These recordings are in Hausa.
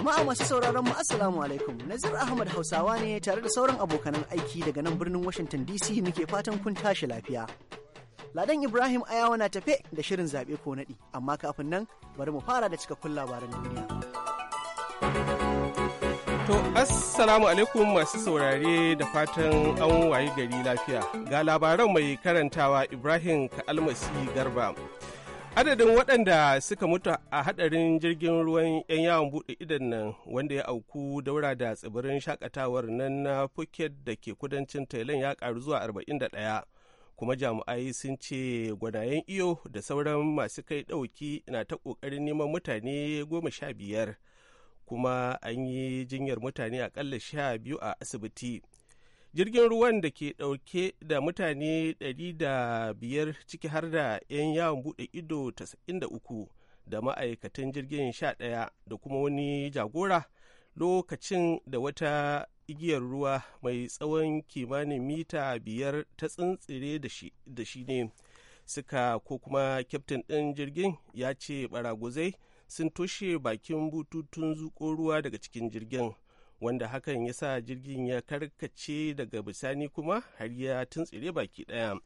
Jama'a masu sauraron mu Assalamu alaikum. Nazir Ahmad Hausawa ne tare da sauran abokanan aiki daga nan birnin Washington DC muke fatan kun tashi lafiya. Ladan Ibrahim Ayawa na tafe da shirin zaɓe ko naɗi, amma kafin nan bari mu fara da cikakkun labaran duniya. To, Assalamu alaikum masu saurare da fatan an wayi gari lafiya. Ga labaran mai karantawa Ibrahim Ka'almasi Garba. Adadin waɗanda suka mutu a hadarin jirgin ruwan 'yan yawon buɗe idan nan wanda ya auku daura da tsibirin shakatawar nan na Phuket da ke kudancin Thailand ya karu zuwa 41. kuma jami'ai sun ce gwanayen iyo da sauran masu kai ɗauki na ta ƙoƙarin neman mutane goma sha biyar kuma an yi jinyar mutane aƙalla sha biyu a asibiti jirgin ruwan da ke ɗauke da mutane 500 ciki har da 'yan yawon buɗe ido 93 da ma'aikatan jirgin 11 da kuma wani jagora lokacin da wata igiyar ruwa mai tsawon kimanin mita biyar ta tsintsire da shi ne suka ko kuma kyaftin ɗin jirgin ya ce baraguzai sun toshe bakin bututun zuƙo ruwa daga cikin jirgin wanda hakan ya sa jirgin ya karkace daga bisani kuma har ya tuntsire baki ɗaya.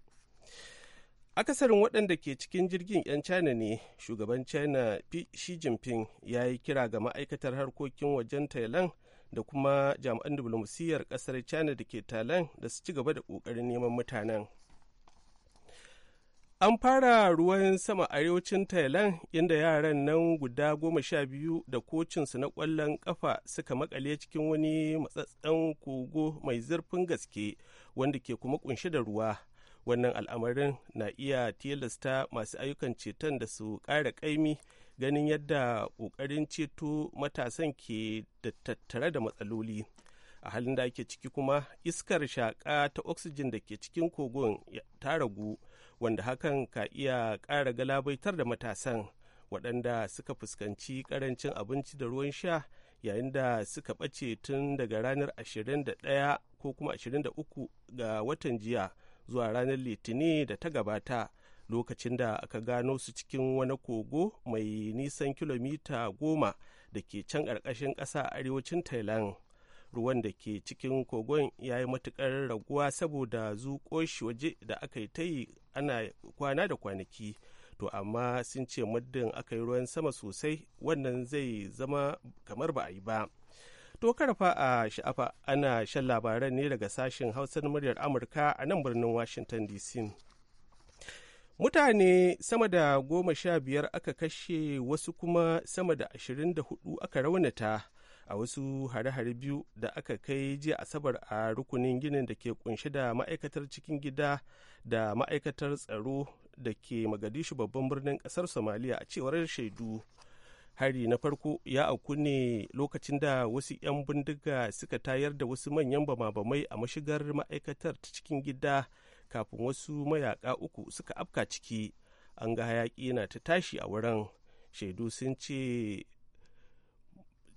akasarin waɗanda ke cikin jirgin 'yan china ne shugaban china xi jinping ya yi kira ga ma'aikatar harkokin wajen thailand da kuma jami'an diflomasiyyar ƙasar china da ke thailand da su ci gaba da ƙoƙarin neman mutanen An fara ruwan sama arewacin Thailand inda yaran nan guda goma sha biyu da kocinsu na ƙwallon ƙafa suka makale cikin wani matsatsen kogo mai zurfin gaske wanda ke kuma kunshe da ruwa. Wannan al'amarin na iya tilasta masu ayyukan ceton da su ƙara ƙaimi ganin yadda ƙoƙarin ceto matasan ke da tattare da matsaloli. a halin da ake ciki kuma iskar shaƙa ta oxygen da ke cikin kogon ta ragu wanda hakan ka iya ƙara galabaitar da matasan waɗanda suka fuskanci ƙarancin abinci da ruwan sha yayin da suka ɓace tun daga ranar 21 ko kuma 23 ga watan jiya zuwa ranar litini da ta gabata lokacin da aka gano su cikin wani kogo mai nisan kilomita goma da ke can ƙarƙashin ƙasa a arewacin thailand ruwan da ke cikin kogon ya yi matuƙar raguwa saboda zuƙo shi waje da aka yi ta yi ana kwana da kwanaki to amma sun ce muddin aka yi ruwan sama sosai wannan zai zama kamar ba a yi ba to karfa a sha'afa ana shan labaran ne daga sashen hausar muryar amurka a nan birnin washington dc mutane sama da goma sha biyar aka kashe wasu kuma sama da ashirin da hudu aka raunata a wasu hare-hare biyu da aka kai jiya asabar a rukunin ginin da ke kunshe da ma'aikatar cikin gida da ma'aikatar tsaro da ke magadishu babban birnin kasar Somalia, a cewar shaidu hari na farko ya auku ne lokacin da wasu 'yan bindiga suka tayar da wasu manyan bama-bamai a mashigar ma'aikatar ta cikin gida kafin wasu mayaka uku suka afka ciki an ga hayaki na ta tashi a wurin shaidu sun ce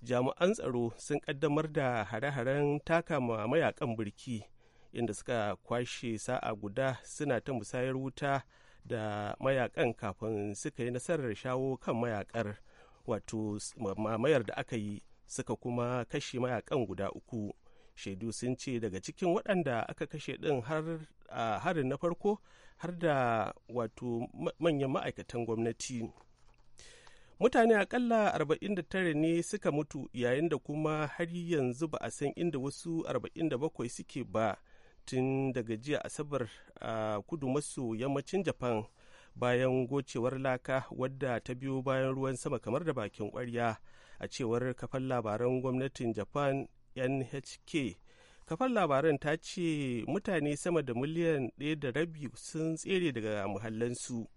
jami'an tsaro sun kaddamar da hare-haren taka ma mayakan birki inda suka kwashe sa'a guda suna ta musayar wuta da mayakan kafin suka yi nasarar shawo kan mayakar wato mamayar da aka yi suka kuma kashe mayakan guda uku shaidu sun ce daga cikin waɗanda aka kashe ɗin a harin na farko har da wato manyan ma'aikatan gwamnati mutane akalla 49 ne suka mutu yayin da kuma har yanzu ba a san inda wasu 47 suke ba tun daga jiya asabar a kudu maso yammacin japan bayan gocewar laka wadda ta biyo bayan ruwan sama kamar da bakin kwarya a cewar kafan labaran gwamnatin japan nhk kafar labaran ta ce mutane sama da miliyan ɗaya da rabi sun tsere daga muhallansu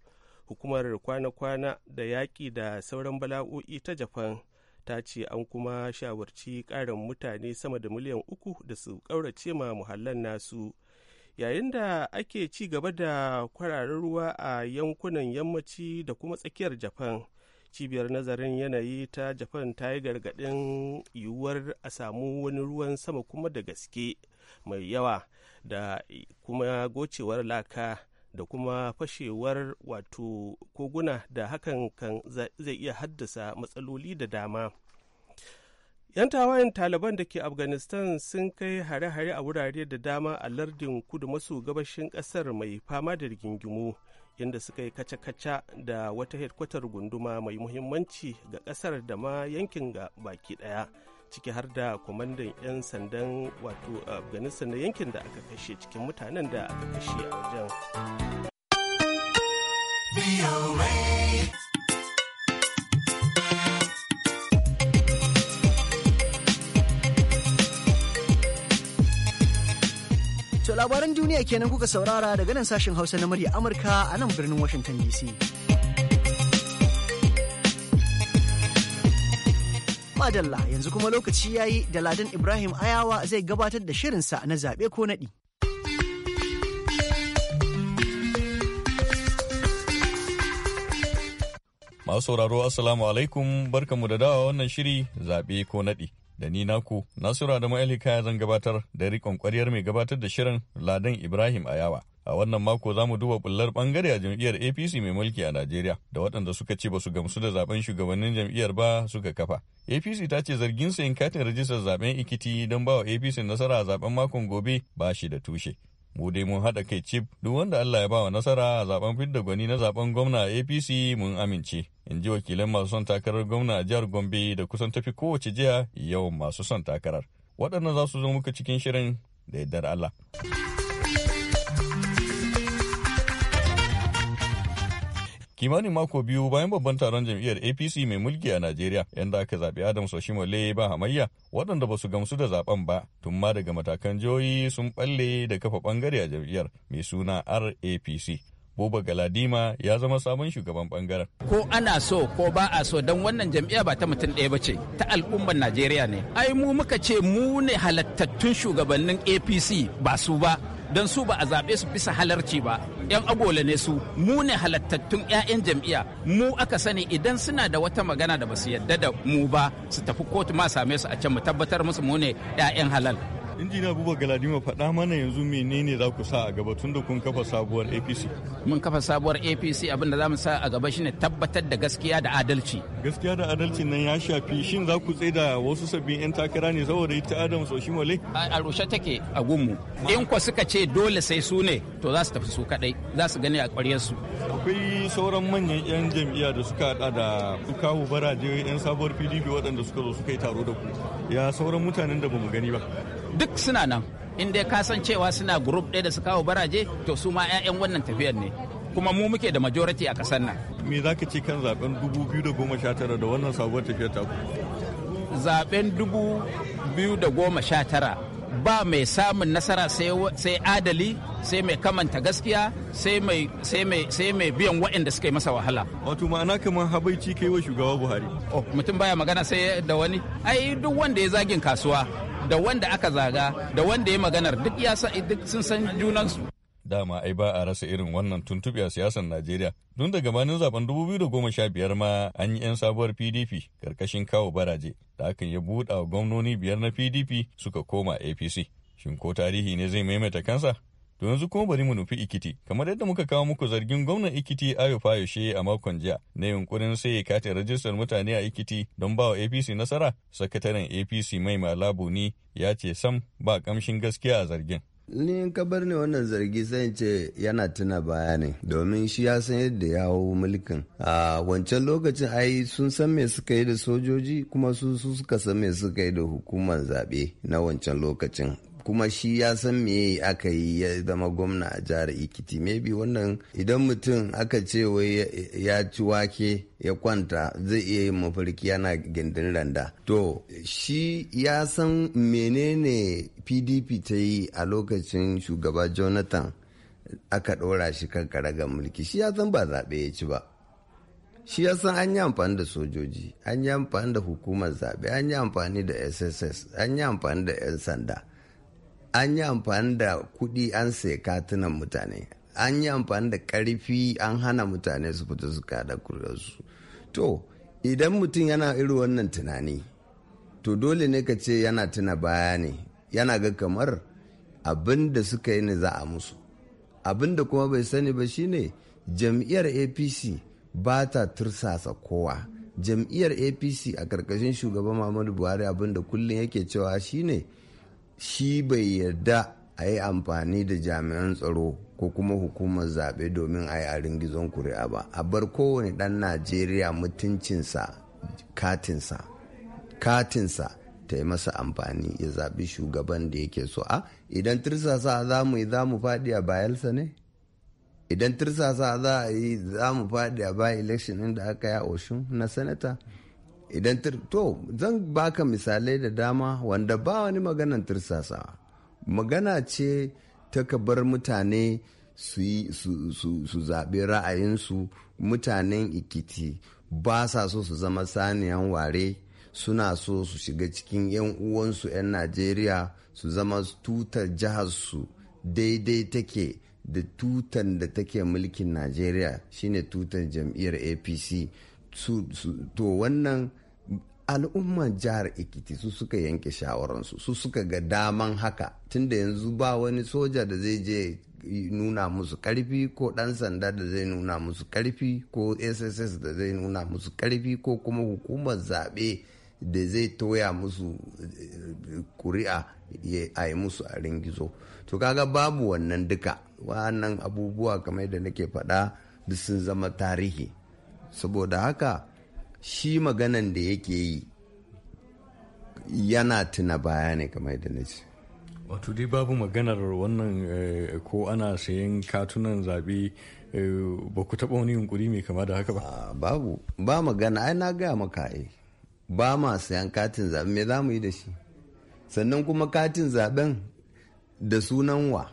hukumar kwana-kwana da yaƙi da sauran bala'o'i ta japan ta ce an kuma shawarci ƙarin mutane sama da miliyan uku da su ƙaurace ma muhallan nasu yayin da ake ci gaba da kwararar ruwa a yankunan yammaci da kuma tsakiyar japan cibiyar nazarin yanayi ta japan ta yi gargaɗin yiwuwar a samu wani ruwan sama kuma da gaske mai yawa da kuma gocewar laka da kuma fashewar wato koguna da hakan kan zai iya haddasa matsaloli da dama. 'Yan tawayen Taliban da ke Afghanistan sun kai hare-hare a wurare da dama a lardin kudu maso gabashin kasar mai fama da rigingimu, inda suka yi kaca-kaca da wata hedkwatar gunduma mai muhimmanci ga kasar da ma yankin ga baki daya. ciki har da kwamandan 'yan sandan wato afghanistan na yankin da aka kashe cikin mutanen da aka kashe a wajen To labaran duniya kenan kuka saurara daga nan sashen hausa na murya amurka a nan birnin washington dc Madalla yanzu kuma lokaci ya yi da Ladan Ibrahim Ayawa zai gabatar da shirinsa na zaɓe ko naɗi. Masu sauraro Assalamu alaikum barkamu da dawa wannan shiri zaɓe ko naɗi. Da ni naku Nasiru da ma'aikata zan gabatar da riƙon kwaryar mai gabatar da shirin Ladan Ibrahim Ayawa. A wannan mako za mu duba bullar bangare a jam'iyyar APC mai mulki a Najeriya da waɗanda suka ce ba su gamsu da zaben shugabannin jam'iyyar ba suka kafa. APC ta ce zargin sayin katin rajistar zaben ikiti don ba wa APC nasara a zaben makon gobe ba shi da tushe. Mu dai mun haɗa kai cif duk wanda Allah ya ba nasara a zaben fidda gwani na zaben gwamna a APC mun amince. In ji wakilan masu son takarar gwamna a jihar Gombe da kusan tafi kowace jiha yawan masu son takarar. Waɗannan za su zo muka cikin shirin da yardar Allah. kimanin mako biyu bayan babban taron jam'iyyar apc mai mulki a najeriya yadda aka zaɓi Adam oshimole ba hamayya waɗanda ba su gamsu da zaben ba tun ma daga matakan jihohi sun ɓalle da kafa ɓangare a jam'iyyar mai suna rapc Buba Galadima ya zama sabon shugaban bangaren. Ko ana so ko ba a so don wannan jam'iyya ba ta mutum ɗaya ba ce ta al'ummar Najeriya ne. Ai mu muka ce mu ne halattattun shugabannin APC ba su ba. don su ba a zaɓe su bisa halarci ba yan agola ne su mu ne halattattun 'ya'yan jam'iyya mu aka sani idan suna da wata magana da ba su yadda da mu ba su tafi kotu ma same su a can mu tabbatar musu mu ne 'ya'yan halal injina buba galadima faɗa mana yanzu menene za ku sa a gaba tun da kun kafa sabuwar apc mun kafa sabuwar apc abin da za mu sa a gaba shine tabbatar da gaskiya da adalci gaskiya da adalci nan ya shafi shin za ku da wasu sabbin yan takara ne saboda ita adam soshi male a rushe take a gunmu in ko suka ce dole sai su ne to za su tafi su kadai za su gani a ƙwaryar su akwai sauran manyan yan jam'iyya da suka hada da su kawo baraje yan sabuwar pdp waɗanda suka zo suka yi taro da ku ya sauran mutanen da bamu gani ba duk suna nan in dai ka san cewa suna group ɗaya da su kawo baraje to su ma 'ya'yan wannan tafiyar ne kuma mu muke da majority a kasan nan me za ka ce kan zaben 2019 da wannan sabuwar tafiyar taku zaben 2019 ba mai samun nasara sai adali sai mai kamanta gaskiya sai mai biyan waɗanda suka yi masa wahala. Wato ma'ana kamar habaici kai wa shugaba Buhari. Oh, mutum baya magana sai da wani. Ai duk wanda ya zagin kasuwa da wanda aka zaga da wanda ya maganar duk ya duk sun san junansu dama ai ba a rasa irin wannan tuntuɓi a siyasar Najeriya. Tun da gabanin zaben 2015 ma an yi 'yan sabuwar PDP karkashin kawo baraje da hakan ya buɗa wa gwamnoni biyar na PDP suka koma APC. Shin ko tarihi ne zai maimaita kansa? To yanzu kuma bari mu nufi Ikiti, kamar yadda muka kawo muku zargin gwamnan Ikiti Ayo Fayoshe a makon jiya na yunkurin sai ya katin rajistar mutane a Ikiti don ba wa APC nasara, sakataren APC mai malabu ni ya ce sam ba kamshin gaskiya a zargin. ni in ka bar ne wannan zargi sai ce yana tuna baya ne domin shi ya san yadda ya hau mulkin a wancan lokacin ai sun san me suka yi da sojoji kuma su su suka san me suka yi da hukumar zaɓe na wancan lokacin kuma shi ya san me aka yi ya zama gwamna a jihar ikiti maybe wannan idan mutum aka ce wai ya ci wake ya kwanta zai iya yin mafarki yana gindin randa to shi ya san menene pdp ta yi a lokacin shugaba jonathan aka ɗora shi kan ga mulki shi ya san ba zaɓe ya ci ba shi ya san an yi amfani da sojoji an yi amfani da hukumar zaɓe an yi amfani da sss an yi amfani da 'yan sanda an yi amfani da kuɗi an sai katunan mutane an yi amfani da ƙarfi an hana mutane su fita su kada kuriyarsu to idan mutum yana irin wannan tunani to dole ne ka ce yana tuna baya ne yana ga kamar abin da suka yi ne za a musu abin da kuma bai sani ba shine jam'iyyar apc ba ta tursasa kowa jam'iyyar apc a ƙarƙashin shugaban muhammadu buhari abin da kullum yake cewa shine shi bai yarda a yi amfani da jami'an tsaro ko kuma hukumar zaɓe domin a yi a ringizon kuri'a ba a bar kowane ɗan najeriya mutuncinsa katinsa katinsa ta yi masa amfani ya zaɓi shugaban da yake so a idan tirsasa za mu yi za mu faɗi a bayelsa ne idan tirsasa za a yi za mu faɗi a by election da aka yi a oshun na sanata idan to zan baka misalai da dama wanda ba wani magana tirsasa magana ce ta ka bar mutane su zaɓi ra'ayinsu mutanen ikiti ba sa so su zama saniyan ware suna so su shiga cikin 'yan uwansu 'yan najeriya su zama tutar jiharsu daidai take da tutan da take mulkin najeriya shine tutar jam'iyyar apc to wannan al'umman jihar ikiti su suka yanke shawararsu su suka ga daman haka tunda yanzu ba wani soja da zai je nuna musu karfi ko ɗan sanda da zai nuna musu karfi ko sss da zai nuna musu karfi ko kuma hukumar zaɓe da zai toya musu kuri'a eh, a yi musu a ringizo to kaga babu wannan duka wannan abubuwa kamar da nake faɗa da sun zama tarihi saboda haka shi maganan da yake yi yana tuna baya ne kamar da na ce wato dai babu maganar wannan eh, ko ana sayan katunan zaɓe eh, ba ku taɓa wani yunkuri mai kama da haka ba ah, babu ba magana ai na gaya maka ai eh, ba ma sayan katin zaɓe me za mu yi da shi sannan kuma katin zaɓen da sunan wa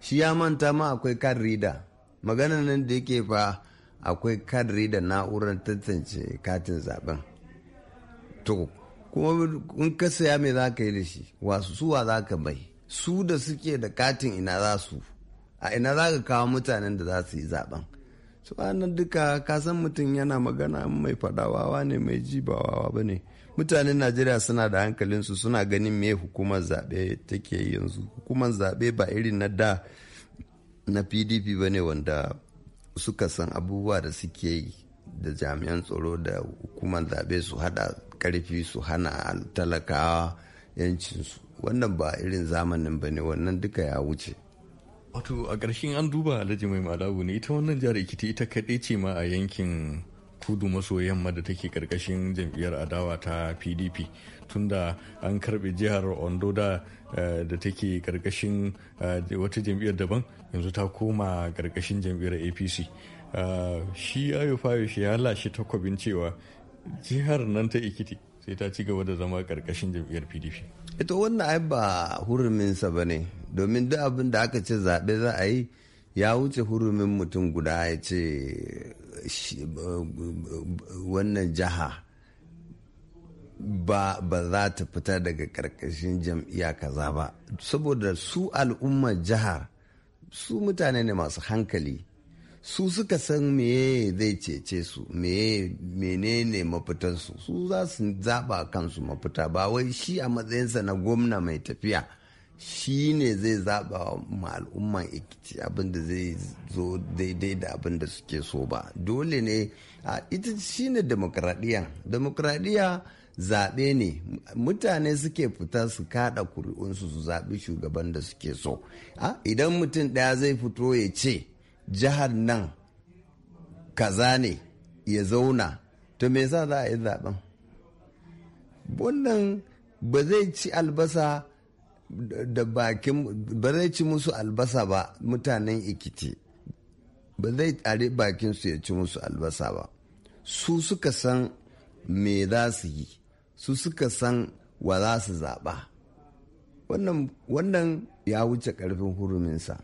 shi ya manta ma akwai kan rida maganar nan da yake fa akwai kadiri da na'urar tantance katin zaben to kuma in ka saya mai za ka yi da shi wasu suwa za ka bai su da suke da katin ina za su a ina za ka kawo mutanen da za su yi zaben su nan duka ka san mutum yana magana mai fadawawa ne mai jibawawa ba ne mutanen najeriya suna da hankalinsu suna ganin me hukumar zaɓe take yanzu hukumar zaɓe ba irin na da na pdp ba ne wanda suka san abubuwa da suke yi da jami'an tsaro da hukumar zaɓe su haɗa karfi su hana talakawa yancinsu wannan ba irin zamanin ba ne wannan duka ya wuce wato a ƙarshen an duba alhaji mai malabu ne ita wannan jihar ikiti ita kaɗai ce ma a yankin kudu maso yamma da take karkashin jam'iyyar adawa ta pdp tunda an karbe jihar ondo da eh, da take karkashin eh, wata jam'iyyar daban yanzu ta koma karkashin jam'iyyar apc eh, shi ayo fayo shi ya lashe takwabin cewa jihar nan ta ikiti sai ta ci gaba da zama karkashin jam'iyyar pdp ita wannan ai ba huruminsa ba ne domin duk abin da aka ce zaɓe za a yi ya wuce hurumin mutum guda ya ce Um, um, wannan jiha ba ba za ta fita daga ƙarƙashin jam'iyya kaza ba saboda su al'ummar jihar su mutane ne masu hankali su suka san meye zai cece su meye menene mafitansu su za su zaba kansu mafita ba wai shi a matsayinsa na gwamna mai tafiya shi ne zai zaɓa ma al'umman ikiti abin da zai zo daidai da abin da suke so ba dole ne a ita shi ne demokradiyya demokradiyya zaɓe ne mutane suke fita su kaɗa kuri'unsu su zaɓi shugaban da suke so idan mutum ɗaya zai fito ya ce jihar nan kaza ne ya zauna to me za a yi zaɓen wannan ba zai ci albasa da bakin ba zai ci musu albasa ba mutanen ikiti ba zai bakin su ya ci musu albasa ba su suka san me za su yi su suka san wa za su zaɓa wannan ya wuce ƙarfin huruminsa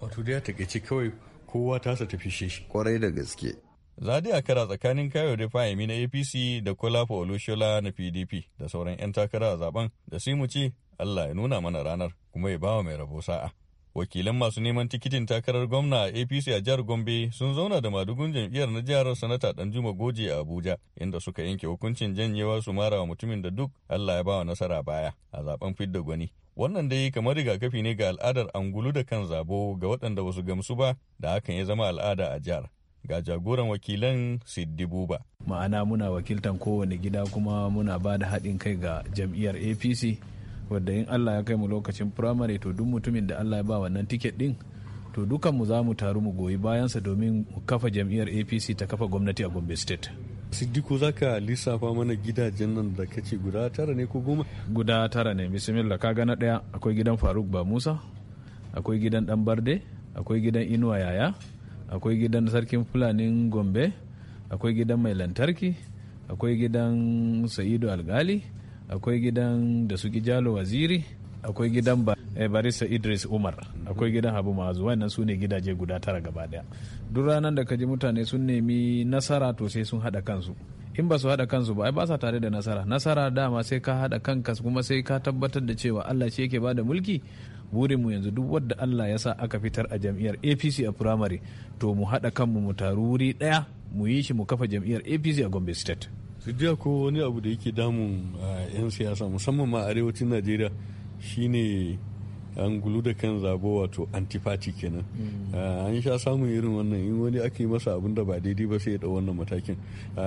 wato da ya takaici kawai kowa tasa tafi shi kwarai da gaske Zadi a kara tsakanin Kayo Fahimi na APC da Kolafa Olushola na PDP da sauran 'yan takara a zaben da simu ce Allah ya nuna mana ranar kuma ya bawa mai rabo sa'a. Wakilan masu neman tikitin takarar gwamna a APC a jihar Gombe sun zauna da madugun jam'iyyar na jihar Sanata Danjuma Goje a Abuja inda suka yanke hukuncin janyewa su mara wa mutumin da duk Allah ya bawa nasara baya a zaben fidda gwani. Wannan dai kamar rigakafi ne ga al'adar angulu da kan zabo ga waɗanda ba su gamsu ba da hakan ya zama al'ada a jihar. ga jagoran wakilan Siddi Buba. Ma'ana muna wakiltan kowane gida kuma muna ba da haɗin kai ga jam'iyyar APC wadda in allah ya kai mu lokacin firamare to duk mutumin da allah ya ba wannan tiket din to mu za mu taru mu goyi bayansa domin mu kafa jam'iyyar apc ta kafa gwamnati a gombe state siddiku za ka lissafa mana gidajen nan da kace guda tara ne ko goma guda tara ne bismillah kaga na ɗaya akwai gidan faruk ba musa akwai gidan dan barde akwai gidan inuwa yaya akwai gidan sarkin fulani gombe akwai gidan mai lantarki akwai gidan sa'idu algali akwai gidan da su jalo waziri akwai gidan eh, barista idris umar akwai gidan habu mazu wannan su ne gidaje guda tara gaba daya duk ranar da kaji mutane sun nemi nasara to sai sun hada kansu in ba su hada kansu ba ai ba sa tare da nasara nasara dama sai ka hada kanka kuma sai ka tabbatar da cewa allah shi yake bada da mulki burinmu yanzu duk wadda allah ya sa aka fitar a jam'iyyar apc a firamare to mu hada kanmu mu taru wuri ɗaya mu yi shi mu kafa jam'iyyar apc a gombe state su ji ko wani abu da yake damun yan siyasa musamman ma arewacin najeriya shine an gulu da kan zabo wato antifati kenan mm. an sha samun irin wannan in wani aka yi masa abin da ba daidai ba sai ya dau wannan matakin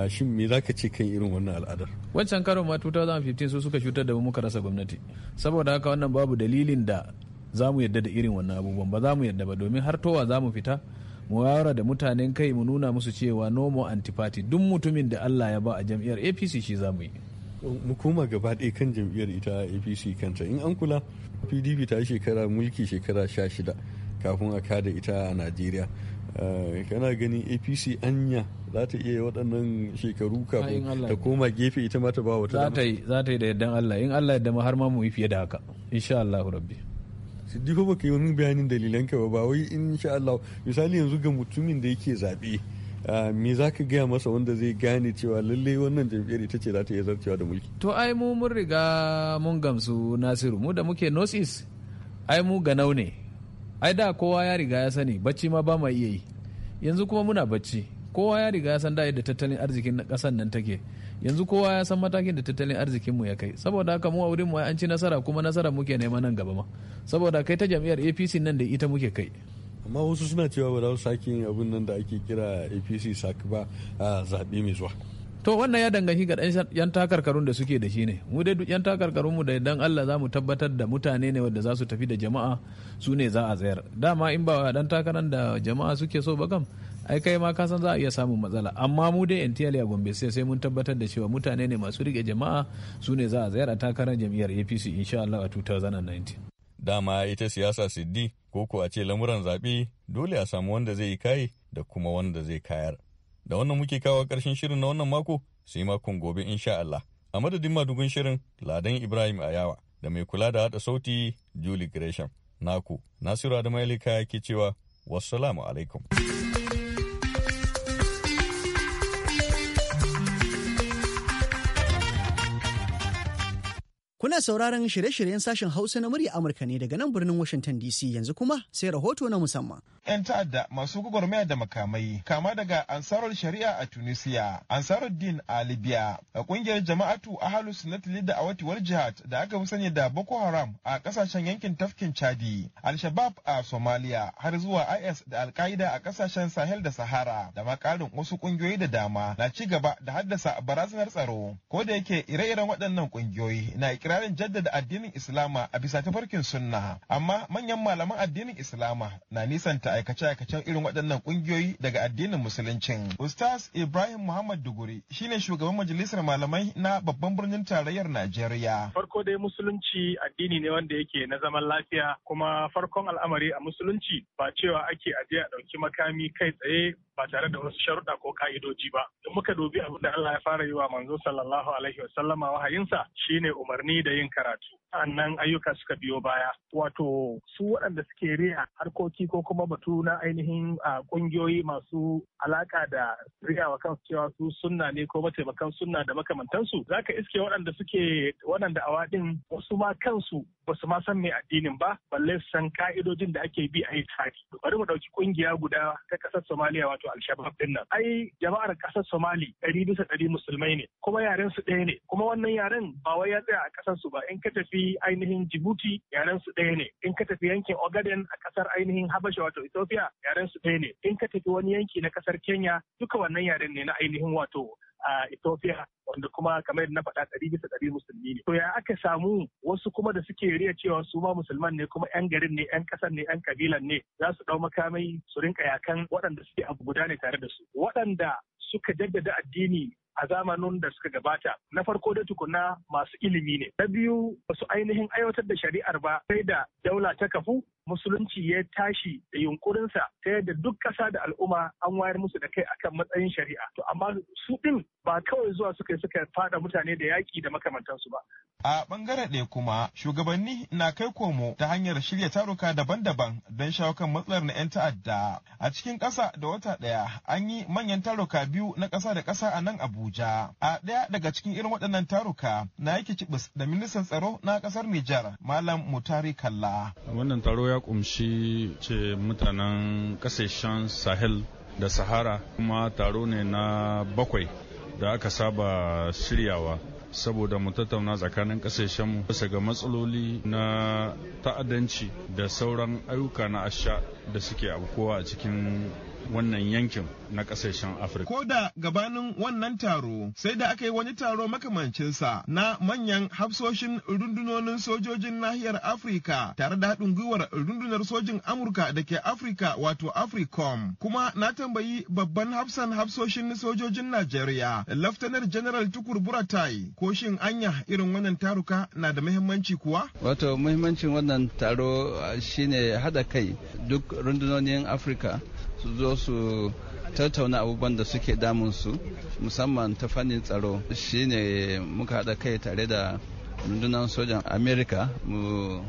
shin me zaka ce kan irin wannan al'adar wancan karon ma 2015 su suka shutar da mu muka rasa gwamnati saboda haka wannan babu dalilin da za mu yadda da irin wannan abubuwan ba za mu yadda ba domin har towa za mu fita mu wayar da mutanen kai mu nuna musu cewa nomo antipati duk mutumin da Allah ya ba a jam'iyyar APC shi za mu yi mu koma gaba ɗaya kan jam'iyyar ita APC kanta in an kula PDP ta yi shekara mulki shekara sha shida kafin a kada ita a Najeriya eh, kana ganin apc anya za ta iya waɗannan shekaru kafin ta koma gefe ita ma ta ba wata za ta yi da yardan allah in allah yadda har ma mu yi fiye da haka insha allahu rabbi siddi fa baka yi wani bayanin dalilan ka ba wai in sha Allah misali yanzu ga mutumin da yake zaɓe me za ka gaya masa wanda zai gane cewa lalle wannan jam'iyyar ita ce za ta iya zarcewa da mulki to ai mu mun riga mun gamsu nasiru mu da muke nosis ai mu nau ne ai da kowa ya riga ya sani bacci ma ba ma iya yi yanzu kuma muna bacci kowa ya riga ya san da yadda tattalin arzikin ƙasar nan take yanzu kowa ya san matakin da tattalin arzikinmu ya kai saboda haka mu a wurin mu an ci nasara kuma nasara muke nema nan gaba ma saboda kai ta jam'iyyar APC nan da ita muke kai amma wasu suna cewa ba za su sake yin nan da ake kira APC sak ba a zaɓe mai zuwa to wannan ya danganci ga yan takarkarun da suke da shi ne mu dai duk yan mu da dan Allah za mu tabbatar da mutane ne wanda za su tafi da jama'a su ne za a tsayar dama in ba dan takarar da jama'a suke so ba kam ai kai ma kasan za a iya samun matsala amma mu dai entirely a gombe sai sai mun tabbatar da cewa mutane ne masu rike jama'a su ne za a zayar a takarar jam'iyyar apc insha Allah a 2019 dama ita siyasa siddi ko ko a ce lamuran zaɓe dole a samu wanda zai yi kai da kuma wanda zai kayar da wannan muke kawo ƙarshen shirin na wannan mako sai makon gobe insha Allah a madadin madugun shirin ladan ibrahim ayawa da mai kula da hada sauti julie gresham naku nasiru adamalika ke cewa wassalamu alaikum Kuna sauraron shirye-shiryen sashen Hausa na murya Amurka ne daga nan birnin Washington DC yanzu kuma sai rahoto na musamman. 'Yan ta'adda masu gwagwarmaya da makamai kama daga ansarar shari'a a Tunisia, ansarar din a Libya, a kungiyar jama'atu Ahlus sunnat lidda a watiwar jihad da aka fi sani da Boko Haram a kasashen yankin tafkin Chadi, Al-Shabaab a Somalia har zuwa IS da al a kasashen Sahel da Sahara da makarin wasu kungiyoyi da dama na ci gaba da haddasa barazanar tsaro. Ko da yake ire-iren waɗannan kungiyoyi na ƙir. ikirarin jaddada addinin Islama a bisa tafarkin sunna, amma manyan malaman addinin Islama na nisanta aikace-aikacen irin waɗannan ƙungiyoyi daga addinin Musuluncin. Ustaz Ibrahim Muhammad Duguri shine shugaban majalisar malamai na babban birnin tarayyar Najeriya. Farko dai Musulunci addini ne wanda yake na zaman lafiya kuma farkon al'amari a Musulunci ba cewa ake ajiye a ɗauki makami kai tsaye ba tare da wasu sharuɗa ko ka'idoji ba. muka dubi abin da Allah ya fara yi wa manzo sallallahu alaihi wa sallama wahayinsa shine umarni da yin karatu sannan ayyuka suka biyo baya wato su waɗanda suke riya harkoki ko kuma batu na ainihin ƙungiyoyi masu alaka da riyawa kansu cewa su sunna ne ko mataimakan sunna da makamantansu za ka iske waɗanda suke waɗanda awaɗin wasu ma kansu ba su ma san mai addinin ba balle su san ka'idojin da ake bi a yi tsari bari mu ɗauki ƙungiya guda ta ƙasar somaliya wato alshabab ɗin nan ai jama'ar ƙasar somali ɗari bisa ɗari musulmai ne kuma yaren su ɗaya ne kuma wannan yaren ba wai ya tsaya a ƙasar su ba in ka tafi ainihin Djibouti yaren su ɗaya ne in ka tafi yankin Ogaden a kasar ainihin Habasha wato Ethiopia yaren su ɗaya ne in ka tafi wani yanki na kasar Kenya duka wannan yaren ne na ainihin wato a Ethiopia wanda kuma kamar na faɗa ɗari bisa ɗari musulmi ne. To ya aka samu wasu kuma da suke riya cewa su ma musulman ne kuma 'yan garin ne 'yan ƙasar ne 'yan kabilan ne za su ɗau makamai su rinka yakan waɗanda suke abu guda ne tare da su. Waɗanda suka jaddada addini a zamanin da suka gabata na farko da tukuna masu ilimi ne na biyu ba su ainihin aiwatar da shari'ar ba sai da daula ta kafu musulunci ya tashi da yunkurinsa ta yadda duk ƙasa da al'umma an wayar musu da kai akan matsayin shari'a to amma su ɗin ba kawai zuwa suka suka fada mutane da yaƙi da makamantansu ba a bangare ɗaya kuma shugabanni na kai komo ta hanyar shirya taruka daban-daban don shawo kan matsalar na 'yan ta'adda a cikin ƙasa da wata ɗaya an yi manyan taruka biyu na ƙasa da ƙasa a nan abuja a ɗaya daga cikin irin waɗannan taruka na yake cibis da ministan tsaro na ƙasar nijar malam mutari kalla ya kumshi ce mutanen kasashen sahel da sahara kuma taro ne na bakwai da aka saba shiryawa saboda mu tattauna tsakanin mu bisa ga matsaloli na ta'addanci da sauran ayyuka na asha da suke abkowa a cikin wannan yankin na kasashen Afirka. Ko da gabanin wannan taro sai da aka yi wani taro makamancinsa na manyan hafsoshin rundunonin sojojin nahiyar Afirka tare da haɗin gwiwar rundunar sojin Amurka da ke Afirka wato Africom. Kuma na tambayi babban hafsan hafsoshin sojojin Najeriya, Laftanar General Tukur Buratai, ko shin anya irin wannan taruka na da muhimmanci kuwa? Wato muhimmancin wannan taro ah, shine hada kai duk rundunonin Afirka su zo su tattauna abubuwan da suke damunsu musamman ta fannin tsaro shine muka haɗa kai tare da rundunar sojan amerika mu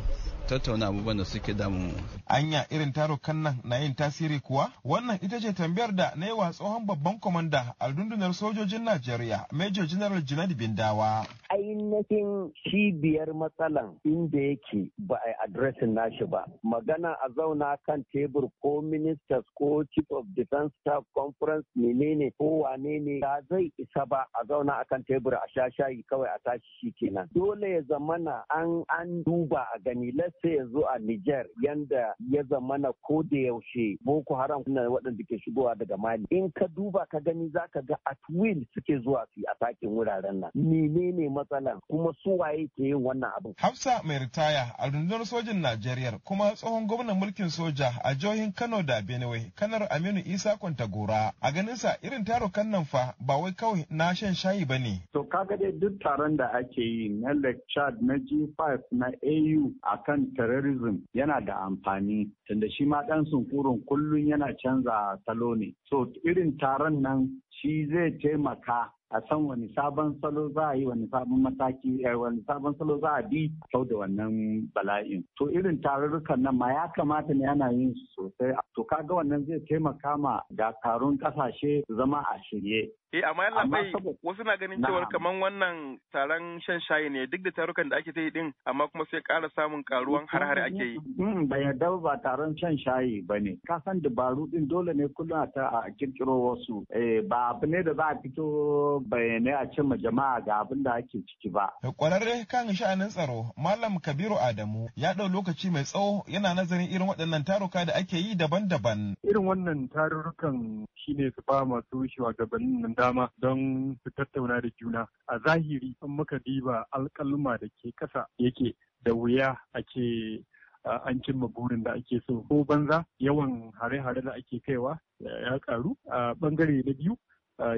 tattauna abubuwan da suke damu. Anya irin tarukan nan na yin tasiri kuwa? Wannan ita ce tambayar da na yi wa tsohon babban kwamanda a sojojin Najeriya, Major General Jinad Bindawa. Ainihin cibiyar matsalan inda yake ba a adresin nashi ba. Magana a zauna kan tebur ko ministers ko chief of defense staff conference menene ko wane ne zai isa ba a zauna a kan tebur a sha shayi kawai a tashi shi kenan. Dole ya zamana an an duba a gani sai zo a Nijar yanda ya zamana ko da yaushe Boko Haram na waɗanda ke shigowa daga Mali. In ka duba ka gani za ka ga at will suke zuwa su a takin wuraren nan. Menene matsalar kuma su waye ke yin wannan abin? Hafsa mai ritaya a rundunar sojin Najeriya kuma tsohon gwamnan mulkin soja a jihohin Kano da Benue kanar Aminu Isa Kwantagora a ganin sa irin tarukan nan fa ba wai kawai na shan shayi bane. ne. To kaga dai duk taron da ake yi na Chad na G5 na AU akan terrorism yana da amfani tunda shi ma ɗan sunkurin kullum yana canza salo ne. So irin taron nan shi zai taimaka a san wani sabon salo za a yi wani sabon mataki eh, wani sabon salo za a bi sau da wannan bala'in to irin tarurrukan nan ma ya kamata ne ana yin su sosai to kaga wannan zai taimaka ma ga karun kasashe zama a shirye Eh amma yalla bai wasu na ganin cewar kaman wannan taron shan shayi ne duk da tarukan da ake ta yi din amma kuma sai ƙara samun karuwan har-har ake yi. Mm, ban yarda ba taron shan shayi ba ne. Ka san dabaru din dole ne kullum a kirkiro wasu. Eh, ba abu ne da za a fito bayanai a cimma jama'a ga abin da ake ciki ba. Kwararre kan sha'anin tsaro Malam Kabiru Adamu ya ɗau lokaci mai tsawo yana nazarin irin waɗannan taruka da ake yi daban-daban. Irin wannan tarurrukan shine su ba masu shugabannin nan dama don su tattauna da juna. A zahiri An muka diba alƙaluma da ke ƙasa yake da wuya ake an cimma burin da ake so ko banza yawan hare-hare da ake kaiwa ya karu a bangare na biyu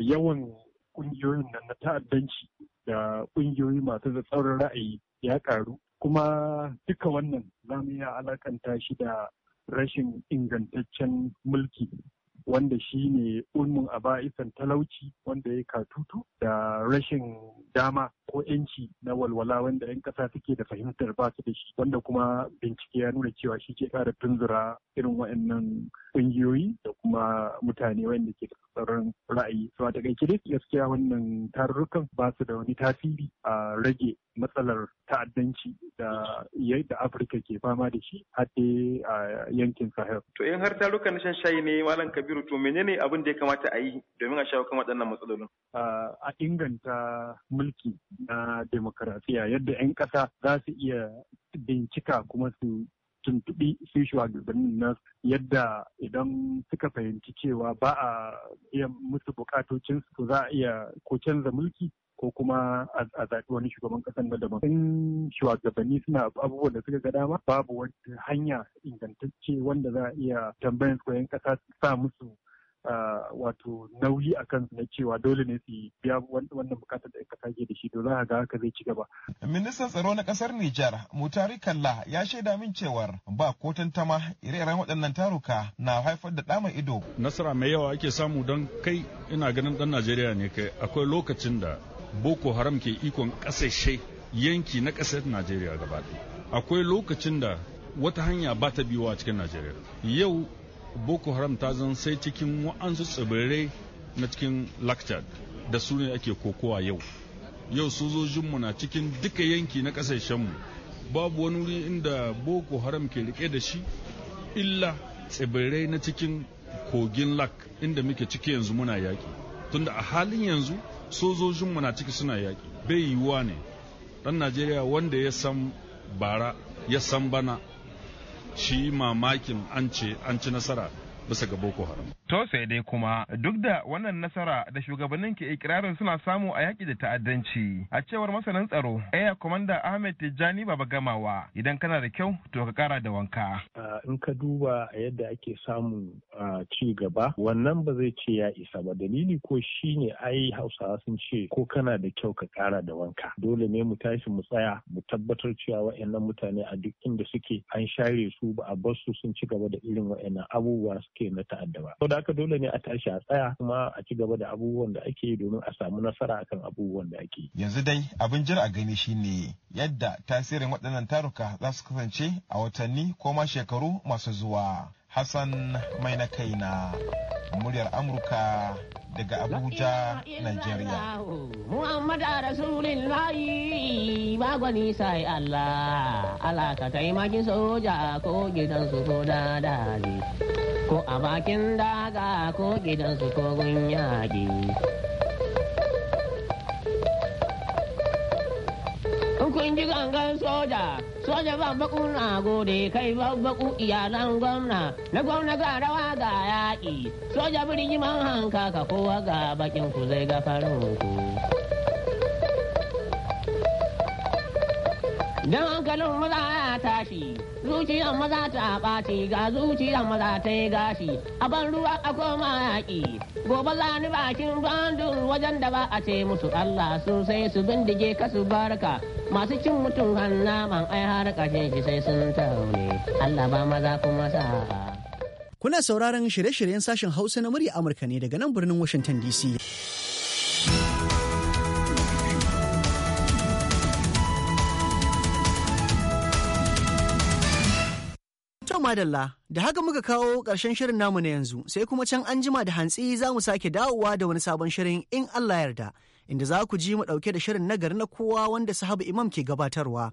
yawan kungiyoyin nan na ta'addanci da kungiyoyi masu tsaurin ra'ayi ya karu kuma duka wannan za mu iya alakanta shi da rashin ingantaccen mulki wanda shi ne ulmun aba'isan talauci wanda ya katutu da rashin dama ko yanci na walwala wanda 'yan ƙasa suke da fahimtar ba su da shi wanda kuma bincike ya nuna cewa shi ke kara tunzura irin waannan ƙungiyoyi da kuma mutane wanda ke tsaron ra'ayi. So a takaice dai gaskiya wannan tarurrukan ba su da wani tasiri a rage matsalar ta'addanci da da Afirka ke fama da shi hadde a yankin Sahel. To in har tarukan shan shayi ne Malam Kabiru to menene abin da ya kamata a yi domin a shawo kan waɗannan matsalolin? A inganta mulki na demokarasiya yadda 'yan ƙasa za su iya bincika kuma su tuntuɓi su shugabannin na yadda idan suka fahimci cewa ba a iya musu bukatocinsu to za a iya ko canza mulki ko kuma a zaɓi wani shugaban ƙasar na daban. In shugabanni suna abubuwan da suka ga dama babu wata hanya ingantacce wanda za a iya tambayan koyan ƙasa sa musu wato nauyi a kansu na cewa dole ne su biya wannan bukatar da ƙasa ke da shi to za a ga haka zai ci gaba. Ministan tsaro na ƙasar Nijar Mutari Kalla ya shaida min cewar ba ko tantama ire-iren waɗannan taruka na haifar da ɗama ido. Nasara mai yawa ake samu don kai ina ganin ɗan Najeriya ne kai akwai lokacin da boko haram ke ikon kasashe yanki na ƙasar najeriya gaba akwai lokacin da wata hanya ba ta biyuwa cikin najeriya yau boko haram ta zan sai cikin wa'ansu tsibirai na cikin lakchad da su ne ake kokowa yau yau sojojinmu na cikin duka yanki na ƙasashenmu babu wani wuri inda boko haram ke rike da shi illa tsibirai na cikin kogin lak inda muke ciki yanzu muna yaƙi tunda a halin yanzu mu na ciki suna yaƙi bai yiwuwa ne ɗan najeriya wanda ya san bara ya san bana shi mamakin an ce an ci nasara bisa ga Boko Haram. To sai dai kuma duk da wannan nasara da shugabannin ke ikirarin suna samu a yaƙi da ta'addanci. A cewar masanin tsaro, Air Commander Ahmed Tijjani Baba Gamawa, idan kana da kyau to ka kara da wanka. In ka duba yadda ake samun ci gaba, wannan ba zai ce ya isa ba. Dalili ko shi ne ai Hausawa sun ce ko kana da kyau ka kara da wanka. Dole ne mu tashi mu tsaya mu tabbatar cewa wa'annan mutane a duk inda suke an share su ba a bar su sun ci gaba da irin wa'annan abubuwa suke na ta'adda ba. da haka dole ne a tashi a tsaya kuma a ci gaba da abubuwan da ake domin a samu nasara akan abubuwan da ake Yanzu dai abin jira a gani shi ne yadda tasirin waɗannan taruka za su kasance a watanni ko ma shekaru masu zuwa. Hassan mai na kaina muryar Amurka daga Abuja, Nigeria. Muhammad a Rasulillahi ba gwani sai Allah, Allah ka taimaki soja ko gidansu ko dadari, ko a bakin daga ko gidansu ko gun yaƙi. kun ji gangan soja, soja ban baku na gode kai ban baku iyalan gwamna, na gwamna ga rawa ga yaƙi, soja birni man hanka ka kowa ga bakin ku zai ga farin ku. Dan hankalin maza ya tashi, zuciyar maza ta ɓaci ga zuciyar maza ta yi gashi, a ban ruwa a koma yaƙi, gobe za ni bakin bandun wajen da ba a ce musu Allah sosai su bindige ka su barka. masu cin mutum hanna ban ai har ƙashin shi sai sun taune Allah ba maza kuma sa Kuna sauraron shirye-shiryen sashen Hausa na murya Amurka ne daga nan birnin Washington DC. madalla da haka muka kawo ƙarshen shirin namu na yanzu sai kuma can anjima da hantsi za mu sake dawowa da wani sabon shirin in Allah yarda. inda za ku ji mu ɗauke da shirin nagari na kowa wanda sahaba imam ke gabatarwa.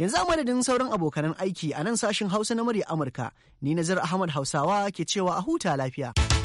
Yanzu a madadin sauran abokanan aiki a nan sashin Hausa na murya Amurka, ni Nazar Ahmad Hausawa ke cewa a huta lafiya.